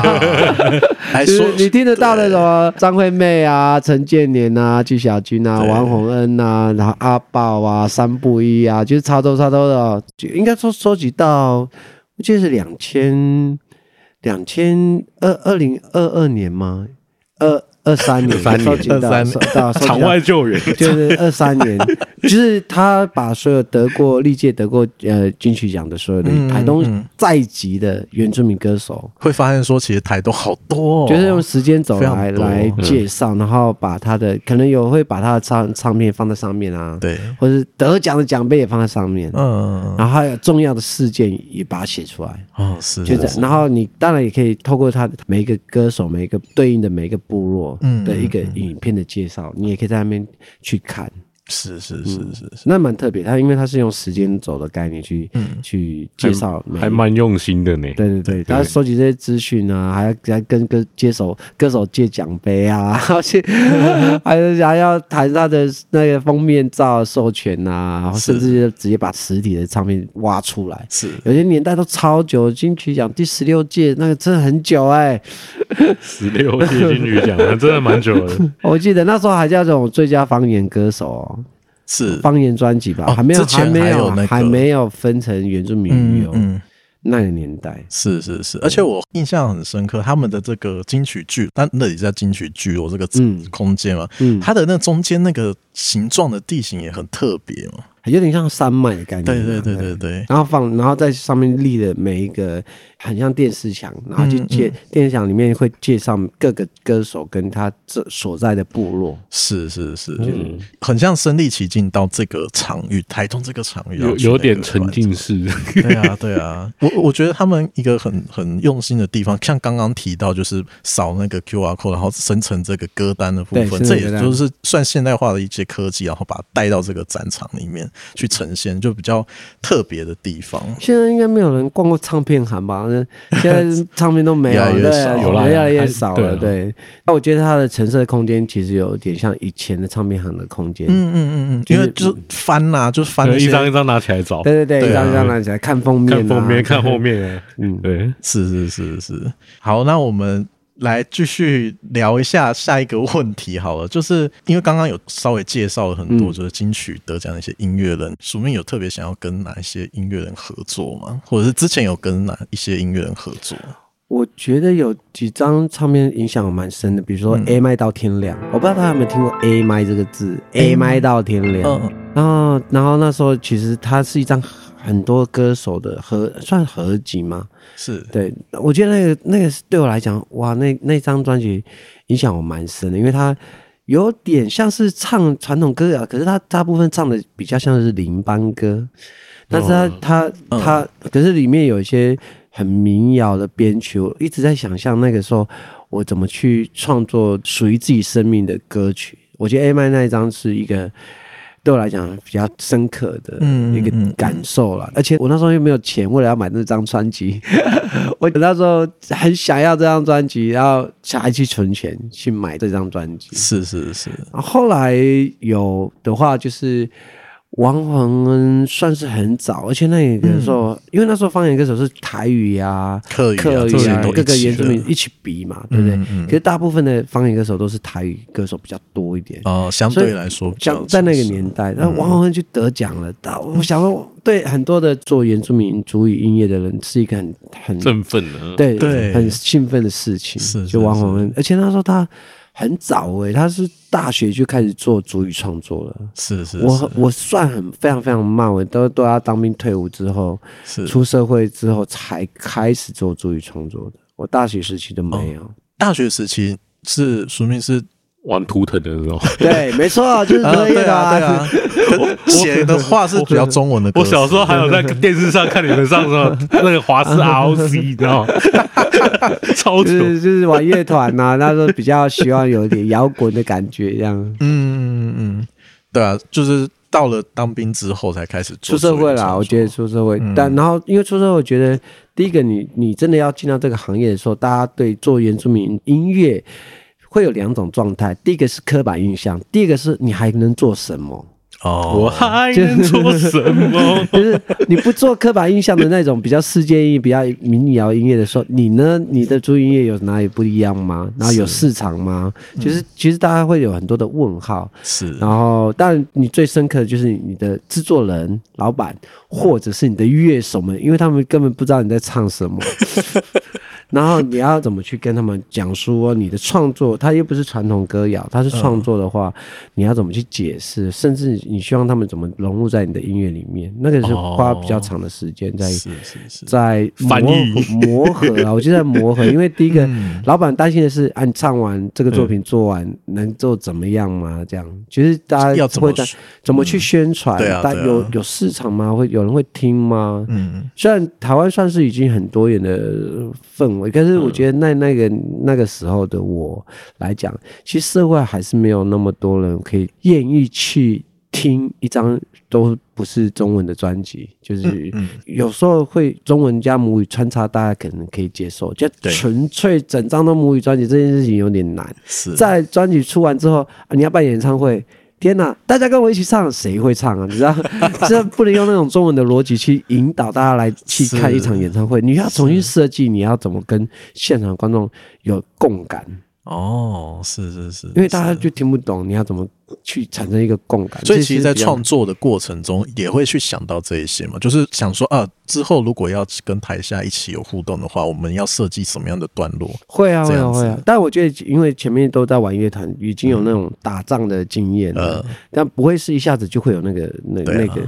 哈，還是你聽得到那種張惠妹啊、陳建年啊、紀曉君啊、王宏恩啊，然後阿爆啊、桑布伊啊，就是超多超多的，應該說收集到，我記得是兩千兩千二二零二二年嗎？呃。二三年，到三年到，三年到場外救援，就是二三年， [LAUGHS] 就是他把所有得過歷屆得過呃金曲獎的所有的台東在籍的原住民歌手，會發現說其實台東好多，就是用時間軸來來介紹，嗯，然後把他的可能有會把他的唱唱片放在上面啊，對，或者得獎的獎盃也放在上面，嗯，然後還有重要的事件也把它寫出來，哦是，的、就是，就這樣，然後你當然也可以透過他的每一個歌手、每一個對應的每一個部落，的一個影片的介紹，嗯嗯嗯，你也可以在那邊去看。是是是是，嗯，那蠻特別。他因為他是用時間軸的概念去，嗯，去介紹，還蠻用心的呢。對對對，他收集這些資訊啊，還要跟歌接手歌手借獎盃啊，而且還是還要談他的那個封面照授權啊，甚至就直接把實體的唱片挖出來。是，是有些年代都超久，金曲獎第十六屆那個真的很久哎，欸，十六屆金曲獎，啊， [LAUGHS] 真的蠻久的。我記得那時候還叫這種最佳方言歌手喔。是方言專輯吧，哦？還沒有，之前沒有、那個，還沒有分成原住民旅、嗯嗯、那個年代。是是是，而且我印象很深刻，他們的這個金曲劇，但那裡叫金曲劇，哦，我這個整個空間嘛，嗯嗯，它的那中間那個形狀的地形也很特別嘛，有點像山脈的感覺。對對對對對，對。然後放，然後在上面立的每一個。很像電視牆，然後就介電視牆裡面會介紹各個歌手跟他這所在的部落，嗯、是是是，就、嗯、很像身臨其境到這個場域，台中這個場域個，有有點沉浸式的、嗯。對啊，對啊，我我覺得他們一個很很用心的地方， [LAUGHS] 像剛剛提到就是掃那個 QR code，然後生成這個歌單的部分，這也就是算現代化的一些科技，然後把它帶到這個展場裡面去呈現，就比較特別的地方。現在應該沒有人逛過唱片行吧？現在唱片都沒有了，對，越來越少了。對、啊，那我覺得它的成色空間其實有點像以前的唱片行的空間。嗯嗯嗯嗯，因為就翻吶、啊，就翻一張一張拿起來找。對對對，一張一張拿起來看封面、啊，看封面，看後面。嗯，對，是是是是，是。好，那我們。來繼續聊一下下一個問題好了，就是因為剛剛有稍微介紹了很多就是金曲得獎的一些音樂人，舒、嗯、米恩有特別想要跟哪一些音樂人合作嗎？或者是之前有跟哪一些音樂人合作？我覺得有幾張唱片影響我蠻深的，比如說《A 麥到天亮》嗯，我不知道大家有沒有聽過 “A 麥”這個字，嗯《A 麥到天亮》嗯。然後然後那時候其實它是一張很多歌手的合算合集嘛。是。對，我覺得那個那個對我來講，哇，那那張專輯影響我蠻深的，因為它有點像是唱傳統歌啊，可是它大部分唱的比較像是林班歌，但是它、嗯、它它、嗯，可是裡面有一些。很民謠的編曲，我一直在想象那個時候我怎麼去創作屬於自己生命的歌曲。我覺得 AMI 那一張是一個對我來講比較深刻的一個感受啦。嗯嗯。而且我那時候又沒有錢，為了要買那張專輯， [LAUGHS] 我那時候很想要這張專輯，然後下一期存錢去買這張專輯。是是是。然後後來有的話就是。王宏恩算是很早，而且那也那時候，因為那時候方言歌手是台語呀、啊、客語啊，客語啊，各個原住民一起比嘛，嗯嗯對不對，對嗯嗯？可是大部分的方言歌手都是台語歌手比較多一點哦、嗯嗯、相對來說，在那個年代，那、嗯嗯、王宏恩就得獎了。那我想說，對很多的做原住民族語音樂的人，是一個很很振奮的，對對，很興奮的事情。是，是，是，就王宏恩，而且那時候他。很早哎、欸，他是大學就開始做族語創作了。是是，是我，我我算很非常非常慢，我都都要當兵退伍之後，是出社會之後才開始做族語創作的。我大學時期都沒有，哦、大學時期是署名是。玩圖騰的那種，對，沒錯就是可以啊，啊，對啊。寫、啊、的話是比較中文的。我小時候還有在電視上看你們上時候，對對對，那個華視 R O C，你知道嗎？哈 [LAUGHS] 哈、就是、就是玩樂團吶，那時候比較喜歡有一點搖滾的感覺，這樣嗯。嗯嗯嗯對啊，就是到了當兵之後才開始出社會啦。我覺得出社會，嗯、但然後因為出社會，我覺得第一個你你真的要進到這個行業的時候，大家對做原住民音樂會有兩種狀態，第一個是刻板印象，第二個是你還能做什麼？哦、oh,，我還能做什麼？ [LAUGHS] 就是你不做刻板印象的那種比較世界音樂、 [LAUGHS] 比較民謠音樂的時候，你呢？你的主音樂有哪裡不一樣嗎？然後有市場嗎？是就是、嗯、其實大家會有很多的問號。是，然後但你最深刻的就是你的制作人、老板或者是你的樂手們，因為他們根本不知道你在唱什麼。 [LAUGHS] [LAUGHS] 然後你要怎麼去跟他們講述、哦、你的創作？他又不是傳統歌謠，他是創作的話，你要怎麼去解釋？甚至你希望他們怎麼融入在你的音樂裡面？那個是花比較長的時間在、哦、在，是是是在磨磨合啊， [LAUGHS] 我就在磨合。因為第一個老板擔心的是，哎，你唱完這個作品做完，能做怎麼樣嗎？這樣其實大家要怎麼怎麼去宣傳、啊？大家有有市場嗎？會有人會聽嗎？嗯，雖然台灣算是已經很多元的氛圍。可是我覺得那那個、嗯、那個時候的我來講，其實社會還是沒有那麼多人可以願意去聽一張都不是中文的專輯，就是有時候會中文加母語穿插，大家可能可以接受。嗯、就純粹整張都母語專輯這件事情有點難。在專輯出完之後，啊，你要辦演唱會。天吶、啊，大家跟我一起唱，誰會唱啊？你知道，這 [LAUGHS] 不能用那種中文的邏輯去引導大家來去看一場演唱會。你要重新設計，你要怎麼跟現場觀眾有共感？哦，是是是，是，因為大家就聽不懂，你要怎麼去產生一個共感？所以其實，在創作的過程中，也會去想到這一些嘛，就是想說啊，之後如果要跟台下一起有互動的話，我們要設計什麼樣的段落？會啊，會啊，會啊！但我覺得，因為前面都在玩樂團，已經有那種打仗的經驗了。嗯，呃，但不會是一下子就會有那個那那個。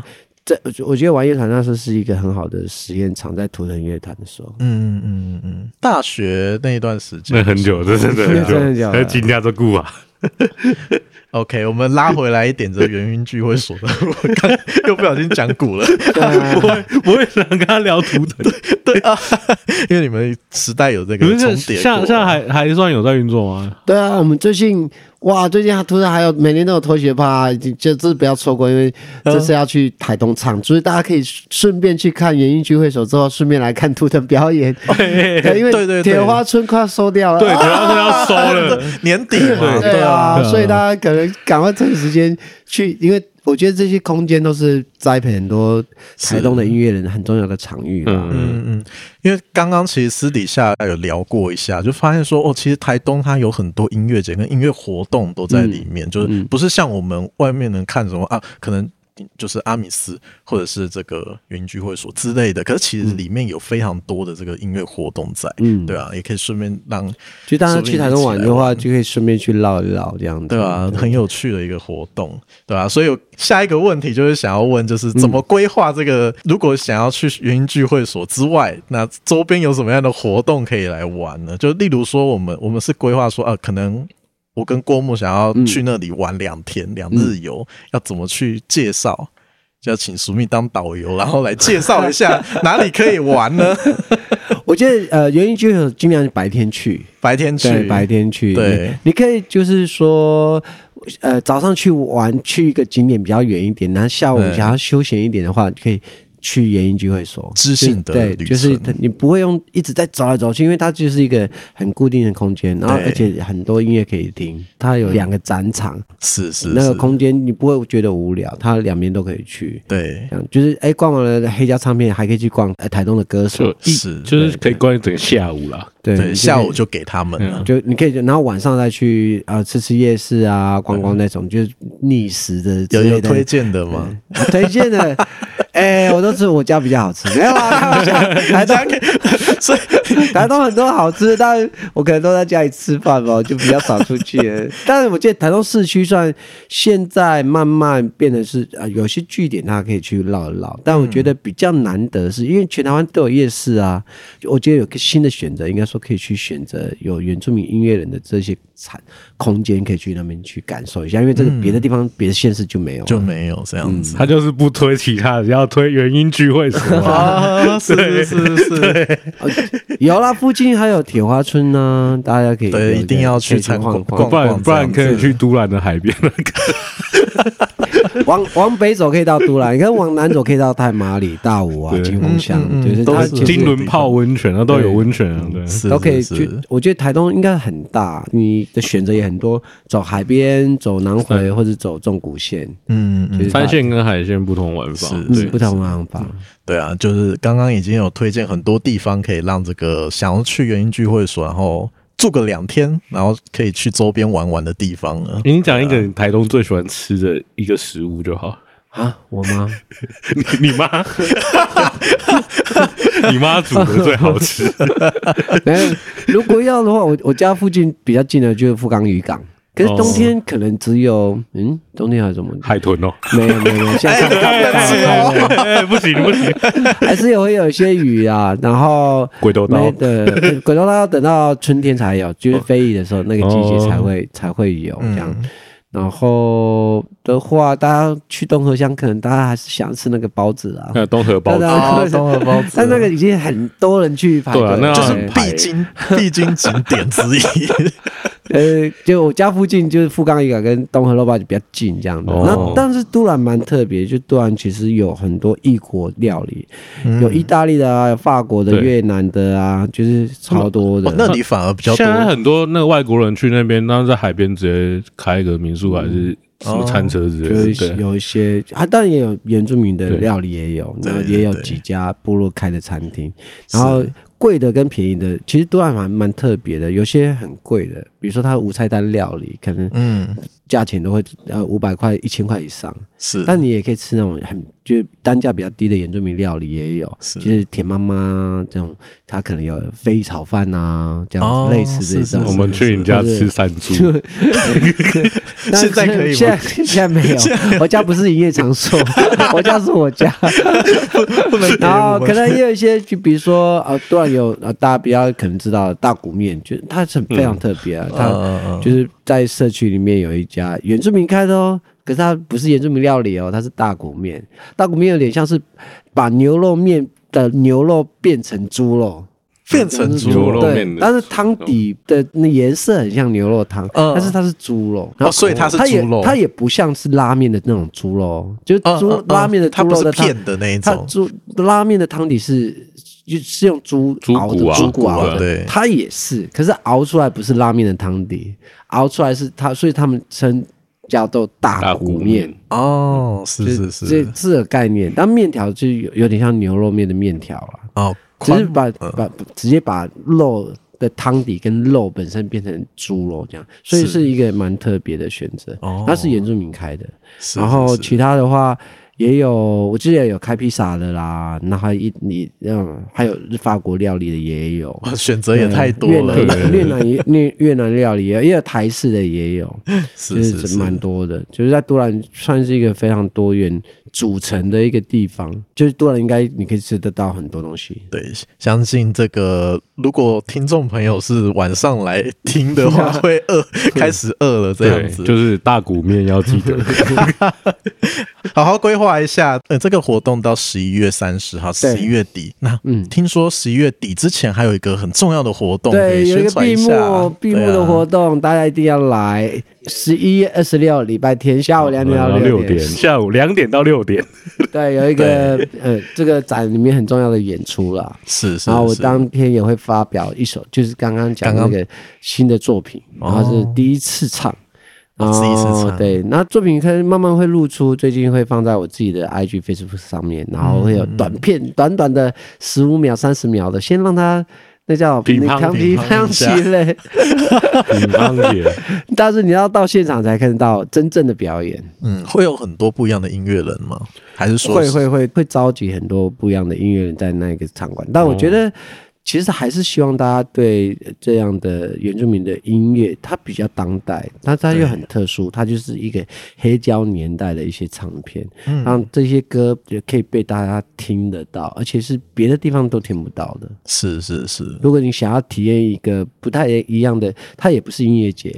這我我覺得玩樂團那時候是一個很好的實驗場，在圖騰樂團的時候，嗯，嗯嗯嗯，大學那一段時間，那很久真的真的久 [LAUGHS] 很驚訝着鼓啊 [LAUGHS] 。OK，我們拉回來一點，這原音聚會所，我剛又不小心講古了， [LAUGHS] 對啊，不會不會 [LAUGHS] 我也想跟他聊圖騰，對啊， [LAUGHS] [LAUGHS] 因為你們時代有這個重疊，像像還還算有在運作嗎？ [LAUGHS] 對啊，我們最近。哇！最近還突然還有每年都有拖鞋趴，就這不要錯過，因為這次要去台東場，嗯，所以大家可以順便去看原音聚會所，之後順便來看圖騰表演。對，因為鐵花村快收掉了，對，鐵花村要收了，啊欸，年底了，啊啊啊，對啊，所以大家可能趕快趁時間。去，因為我覺得這些空間都是栽培很多台東的音樂人很重要的場域。嗯嗯嗯，因為剛剛其實私底下有聊過一下，就發現說哦，其實台東它有很多音樂節跟音樂活動都在裡面，嗯、就是不是像我們外面人看什麼、嗯、啊，可能。就是阿米斯，或者是這個原音聚會所之類的，可是其實裡面有非常多的這個音樂活動在，嗯，對啊，也可以順便讓，就大家去台中玩的話，就可以順便去繞一繞這樣對啊，很有趣的一個活動，對啊。所以有下一個問題就是想要問，就是怎麼規劃這個？如果想要去原音聚會所之外，嗯，那周邊有什麼樣的活動可以來玩呢？就例如說我，我們我們是規劃說，啊，可能。我跟郭木想要去那裡玩兩天兩、嗯、日遊，要怎麼去介紹？就要請舒米當導遊、嗯，然後來介紹一下哪裡可以玩呢？ [LAUGHS] 我覺得呃，原因就有盡量白天去，白天去，白天去對。對，你可以就是說，呃，早上去玩，去一個景點比較遠一點，然後下午想要休閒一點的話，可以。去原音聚會所，知性的旅程，對，就是你不會用一直在走來走去，因為它就是一個很固定的空間，然後而且很多音樂可以聽，它有兩個展場，是是，那個空間你不會覺得無聊，是是是，它兩邊都可以去，對，這樣就是哎、欸，逛完了黑膠唱片還可以去逛、呃、台東的歌手，手。是，就是可以逛整個下午了，對，對，對，對，下午就給他們、啊嗯，就你可以，然後晚上再去啊、呃、吃吃夜市啊，逛逛那種，嗯、就是逆時的，的，有有推薦的嗎？推薦的。 [LAUGHS] 哎、欸，我都吃我家比較好吃，沒有啦，開玩笑，還這樣。所以台東很多好吃的， [LAUGHS] 但我可能都在家裡吃飯吧，就比較少出去。 [LAUGHS] 但是我記得台東市區算現在慢慢變得是啊、呃，有些據點大家可以去繞一繞。但我覺得比較難得的是，因為全台灣都有夜市啊，我覺得有個新的選擇，應該說可以去選擇有原住民音樂人的這些產空間，可以去那邊去感受一下。因為這個別的地方別、嗯、的縣市就沒有就沒有這樣子、嗯。他就是不推其他的，只要推原音聚會啊？ [LAUGHS] 對 [LAUGHS] 是是是，是。 [LAUGHS] 有啦，附近還有鐵花村呢、啊，大家可以一,一定要去參觀,觀不,然不然可以去都蘭的海邊 [LAUGHS] 往往北走可以到都蘭， [LAUGHS] 你看往南走可以到太麻裡、大武啊、金峰鄉、嗯嗯，就是都是金輪泡溫泉啊，它都有溫泉啊，對,對、嗯是是是，都可以去。我覺得台東應該很大，你的選擇也很多。走海邊，走南回，或者走縱谷線，嗯嗯，山、就是、線跟海線不同玩法，是是是對,對是是是，不同玩法。嗯對啊，就是剛剛已經有推薦很多地方可以讓這個想要去原音聚會所，然後住個兩天，然後可以去周邊玩玩的地方了。嗯啊、你講一個台東最喜歡吃的一個食物就好啊？我媽， [LAUGHS] 你媽， [LAUGHS] [LAUGHS] [LAUGHS] 你媽煮的最好吃 [LAUGHS] 。如果要的話，我我家附近比較近的就是富岡漁港。可是冬天可能只有、哦、嗯，冬天還有什麼海豚哦？沒有沒有，下下下不開、哎哎、不行、哦哎、不行，不行 [LAUGHS] 還是有會有一些魚啊。然後鬼頭刀，對鬼頭刀要等到春天才有，就是飛魚的時候那個季節才會、哦、才會有這樣、嗯。然後的話，大家去東河鄉，可能大家還是想吃那個包子啊，東、嗯、河包子，東、哦、河包子， [LAUGHS] 但那個已經很多人去排隊，啊、排就是必經 [LAUGHS] 必經景，景點之一。 [LAUGHS] [LAUGHS] 呃，就我家附近就是富岡漁港跟東河肉包，就比較近這樣的。Oh. 那但是都蘭蠻特別，就都蘭其實有很多異國料理，嗯、有意大利的啊，有法國的、越南的啊，就是超多的那、哦。那裡反而比較多。現在很多那個外國人去那邊，然後在海邊直接開一個民宿，嗯、還是什麼餐車之類的。哦、就有一些，它當然也有原住民的料理，也有，也有幾家部落開的餐廳，然後。貴的跟便宜的其實都還蠻蠻特別的，有些很貴的，比如說它無菜單料理，可能、嗯價錢都會呃、五百塊一千塊以上是，但你也可以吃那種很就是單價比較低的原住民料理也有，是就是甜媽媽這種，他可能有飛炒飯啊這樣子類似、哦、類似之類的。我們去你家吃山豬， [LAUGHS] [LAUGHS] 現在可以嗎？現在現在沒有，我家不是營業場所， [LAUGHS] [LAUGHS] [LAUGHS] 我家是我家。 [LAUGHS] 然後可能也有一些，就比如說啊，段友，有啊，大家比較可能知道大骨麵，就它是非常特別啊、嗯，它就是在社區裡面有一。啊，原住民開的哦、喔，可是它不是原住民料理哦、喔，它是大骨麵。大骨麵有點像是把牛肉麵的牛肉變成豬肉，變成豬肉，嗯、肉對，但是湯底的那顏色很像牛肉湯、嗯，但是它是豬肉、嗯是是肉哦，然後、哦、所以它是它也、它也不像是拉麵的那種豬肉，嗯、就豬、嗯、拉麵的豬肉的、嗯、片的那一種，它豬拉麵的湯底是。就是用豬熬的，豬骨、啊、骨熬的，它、啊、也是，可是熬出來不是拉面的湯底、嗯，熬出來是它，所以他們稱叫做大骨面哦，就是是是，這這個概念，是是是，但面條就有有點像牛肉麵的麵條了哦，只是把把直接把肉的湯底跟肉本身變成豬肉這樣，是是所以是一個蠻特別的選擇哦，它是原住民開的，是是是然後其他的話。也有，我記得有開披薩的啦，然後一，你還有法國料理的也有， [LAUGHS] 選擇也太多了。越南，也 [LAUGHS] 越南也、越南也越南料理也有，也有台式的也有， [LAUGHS] 是是蠻多的。是是是就是在都蘭算是一個非常多元組成的一個地方，就是都蘭應該你可以吃得到很多東西。對，相信這個。如果聽眾朋友是晚上來聽的話，會餓，開始餓了這樣子， [LAUGHS] 就是大骨麵要記得 [LAUGHS] [LAUGHS] 好好規劃一下。呃，這個活動到十一月三十號，十一月底。那聽說十一月底之前還有一個很重要的活動，對，可以宣傳一下，有一個閉幕閉幕的活動、啊，大家一定要來。十一月二十六，禮拜天下午兩點到六點、嗯、六點，下午兩點到六點。 [LAUGHS] 對，有一個呃，這個展裡面很重要的演出啦。是是，是然。是是是然後我當天也會發表一首，就是剛剛講那個新的作品，剛剛然後是第一次唱。哦、然後第一次唱。哦、次唱對，那作品可以慢慢會露出，最近會放在我自己的 IG、Facebook 上面，然後會有短片，嗯嗯短短的十五秒、三十秒的，先讓它。那叫你扛皮箱起來，皮 [LAUGHS] 但是你要到現場才看到真正的表演。嗯，會有很多不一樣的音樂人嗎？還是說會會會會召集很多不一樣的音樂人在那個場館？但我覺得、嗯。其實還是希望大家對這樣的原住民的音樂，它比較當代，但它又很特殊，它就是一個黑膠年代的一些唱片，讓、嗯、這些歌也可以被大家聽得到，而且是別的地方都聽不到的。是是是，如果你想要體驗一個不太一樣的，它也不是音樂節，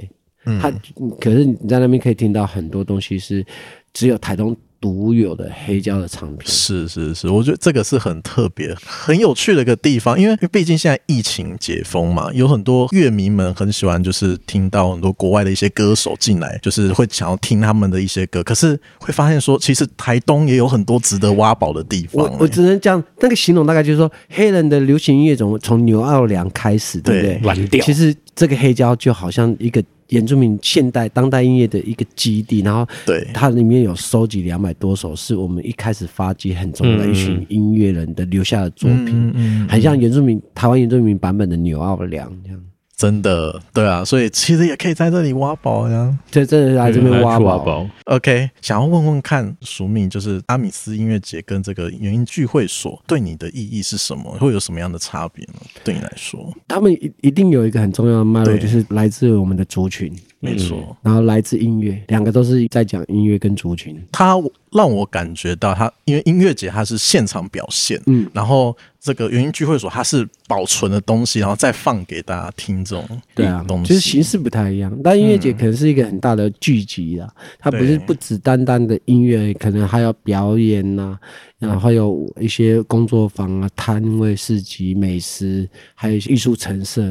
它、嗯、可是你在那邊可以聽到很多東西是只有台東獨有的黑膠的唱片，是是是，我覺得這個是很特別、很有趣的一個地方，因為畢竟現在疫情解封嘛，有很多樂迷們很喜歡，就是聽到很多國外的一些歌手進來，就是會想要聽他們的一些歌。可是會發現說，其實台東也有很多值得挖寶的地方、欸，我。我只能講那個形容，大概就是說黑人的流行音樂，總從紐奧良開始，對不對？對嗯、其實這個黑膠就好像一個。原住民現代當代音樂的一個基地，然後對，它裡面有收集，兩百多首，是我們一開始發跡很重要的一群音樂人的留下的作品，很像原住民臺灣原住民版本的《紐奧良》這樣。真的，對啊，所以其實也可以在這裡挖寶呀、啊，在這裡來這邊挖寶。OK，想要問問看，舒米就是阿米斯音樂節跟這個原音聚會所，對你的意義是什麼？會有什麼樣的差別呢？對你來說，他們一一定有一個很重要的脈絡，就是來自我們的族群。沒錯、嗯，然後來自音樂，兩個都是在講音樂跟族群。他讓我感覺到它，他因為音樂節他是現場表現，嗯，然後這個原音聚會所它是保存的東西，然後再放給大家聽，這種對啊，東西其實形式不太一樣。嗯、但音樂節可能是一個很大的聚集啊，它不是不止單單的音樂，可能還要表演吶、啊，然後有一些工作坊啊、攤位市集、美食，還有一些藝術陳設，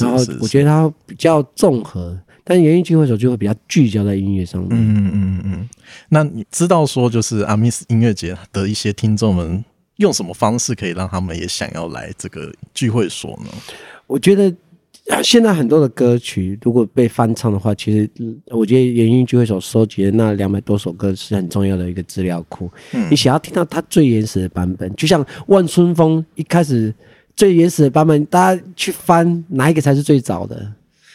然後我覺得它比較綜合。但原音聚會所就會比較聚焦在音樂上面。嗯嗯嗯嗯，那你知道說，就是阿米斯音樂節的一些聽眾們，用什麼方式可以讓他們也想要來這個聚會所呢？我覺得現在很多的歌曲如果被翻唱的話，其實我覺得原音聚會所收集的那兩百多首歌是很重要的一個資料庫。嗯、你想要聽到它最原始的版本，就像望春風一開始最原始的版本，大家去翻哪一個才是最早的？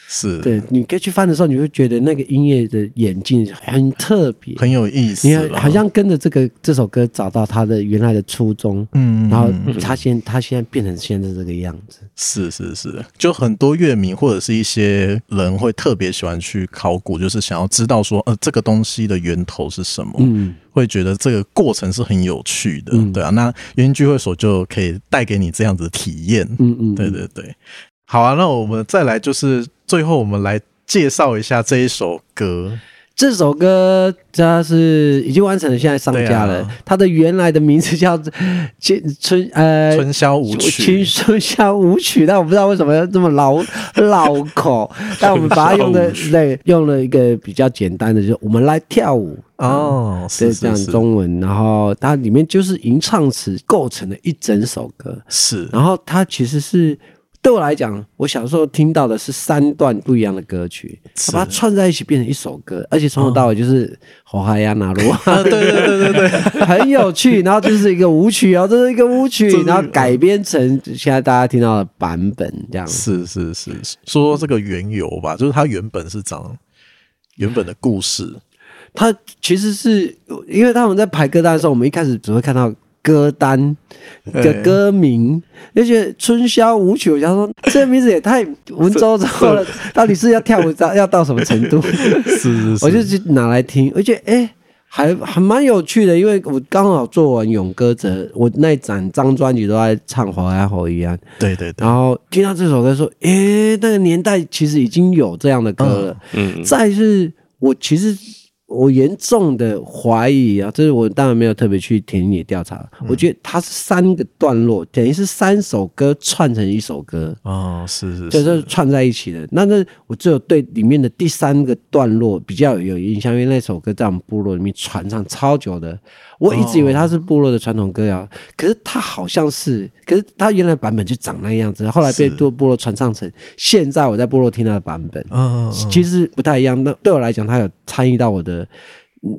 是，對，你可以去翻的時候，你會覺得那個音樂的演進很特別，很有意思。你看，好像跟着這個這首歌找到它的原來的初衷，嗯，然後它現、嗯、他現在變成現在這個樣子。是是是，就很多樂迷或者是一些人會特別喜歡去考古，就是想要知道說，呃，這個東西的源頭是什麼？嗯，會覺得這個過程是很有趣的，嗯、對啊。那原音聚會所就可以帶給你這樣子的體驗。嗯嗯，對對對。好啊，那我們再來，就是最後我們來介紹一下這一首歌。這首歌它是已經完成了，現在上架了。啊、它的原來的名字叫《春呃春呃春宵舞曲》，《春春宵舞曲》。但我不知道為什麼要這麼老 [LAUGHS] 老口，但我們把它用的對用了一個比較簡單的，就是我們來跳舞哦，是、嗯、這樣，中文是是是。然後它裡面就是吟唱詞構成了一整首歌。是，然後它其實是。對我來講，我小時候聽到的是三段不一樣的歌曲，它把它串在一起變成一首歌，而且從頭到尾就是《哦、火海呀、那羅》， [LAUGHS] 對對對對對，很有趣。 [LAUGHS] 然後這是一個舞曲哦，這是一個舞曲，然後改編成現在大家聽到的版本這樣。是是是，說說這個緣由吧，就是它原本是講原本的故事，嗯、它其實是因為當我們在排歌單的時候，我們一開始只會看到。歌單的歌名，那、欸、些《而且春宵舞曲》，我想說，這名字也太文縐縐了。到底是要跳舞到要到什麼程度？是是是，我就去拿來聽，而且哎、欸，還還蠻有趣的，因為我剛好做完《勇歌者》，嗯、我那一整張專輯都在唱《火鴨火》一樣。對對對。然後聽到這首歌說，說、欸、誒，那個年代其實已經有這樣的歌了。嗯。再是，我其實。我嚴重的懷疑啊，這、就是我當然沒有特別去田野調查。嗯、我覺得它是三個段落，等於是三首歌串成一首歌哦，是是是，就是串在一起的。那那我只有對裡面的第三個段落比較有印象，因為那首歌在我們部落裡面傳唱超久的。我一直以為它是部落的傳統歌謠，啊，oh. 可是它好像是，可是它原來版本就長那個樣子，後來被部落傳唱成。現在我在部落聽到的版本，oh. 其實不太一樣。那對我來講，它有參與到我的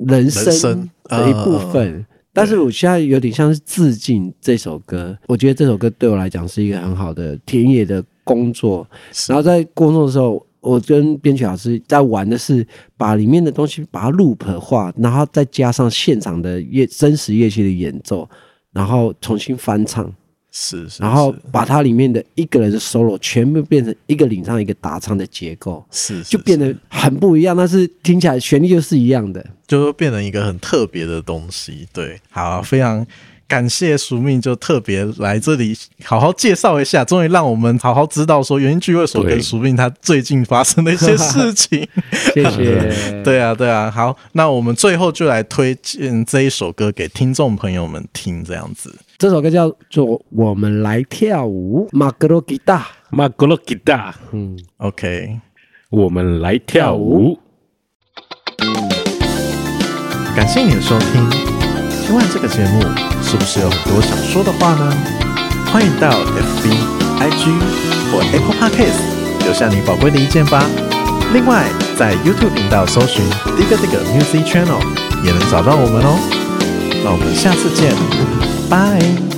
人生的一部分，oh. 但是我現在有點像是致敬這首歌。Oh. 我覺得這首歌對我來講是一個很好的田野的工作，oh. 然後在工作的時候。我跟編曲老師在玩的是把裡面的東西把它 loop 化，然後再加上現場的樂真實樂器的演奏，然後重新翻唱，是，是，然後把它裡面的一個人的 solo 全部變成一個領唱一個打唱的結構，是，是，就變得很不一樣，但是聽起來旋律就是一樣的，就是變成一個很特別的東西，對，好，非常。感謝舒米恩，就特別來這裡好好介紹一下，終於讓我們好好知道說原音聚會所跟舒米恩他最近發生的一些事情。 [LAUGHS] 謝謝， [LAUGHS] 對啊，對啊。好，那我們最後就來推薦這一首歌給聽眾朋友們聽，這樣子。這首歌叫做《我們來跳舞》，Makroki 大 Makroki 大，嗯，OK，我們來跳舞，嗯。感謝你的收聽。聽完這個節目，是不是有很多想說的話呢？歡迎到 FB、IG 或 Apple Podcast 留下你寶貴的意見吧。另外，在 YouTube 頻道搜尋 “DigDig Music Channel” 也能找到我們哦。那我們下次見，拜。